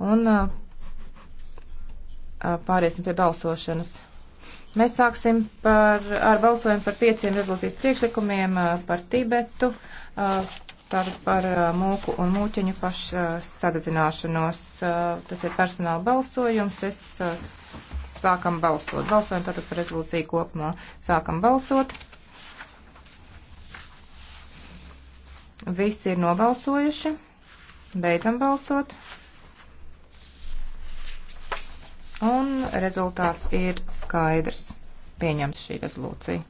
Un uh, uh, pāriesim pie balsošanas. Mēs sāksim par, ar balsojumu par pieciem rezolūcijas priekšlikumiem uh, par Tibetu, par, par mūku un mūķiņu pašsadedzināšanos. Tas ir personāla balsojums. Es sākam balsot. Balsojam tātad par rezolūciju kopumā. Sākam balsot. Visi ir nobalsojuši. Beidzam balsot. Un rezultāts ir skaidrs. Pieņemts šī rezolūcija.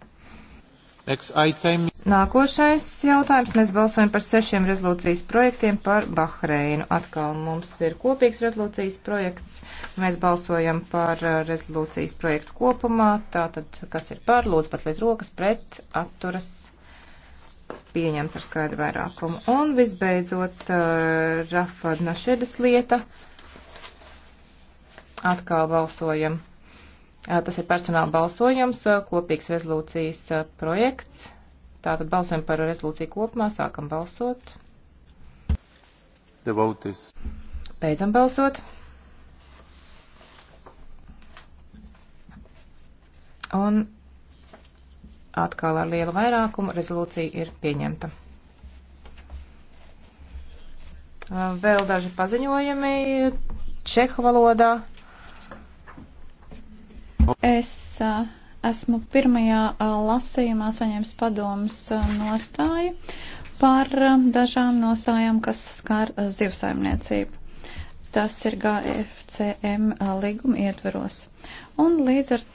Nākošais jautājums. Mēs balsojam par sešiem rezolūcijas projektiem par Bahreinu. Atkal mums ir kopīgs rezolūcijas projekts. Mēs balsojam par uh, rezolūcijas projektu kopumā. Tātad, kas ir par, lūdzu, pats līdz rokas pret, atturas pieņemts ar skaidru vairākumu. Un visbeidzot, uh, Rafa Našedas lieta. Uh, Atkal balsojam. Tas ir personāla balsojums, kopīgs rezolūcijas projekts. Tātad balsojam par rezolūciju kopumā, sākam balsot. Devotis. Beidzam balsot. Un atkal ar lielu vairākumu rezolūcija ir pieņemta. Vēl daži paziņojumi čehu valodā. Es uh, esmu pirmajā uh, lasījumā saņēmis padomus uh, nostāju par uh, dažām nostājām, kas skar uh, zivsaimniecību. Tas ir GFCM uh, līguma ietveros. Un līdz ar to.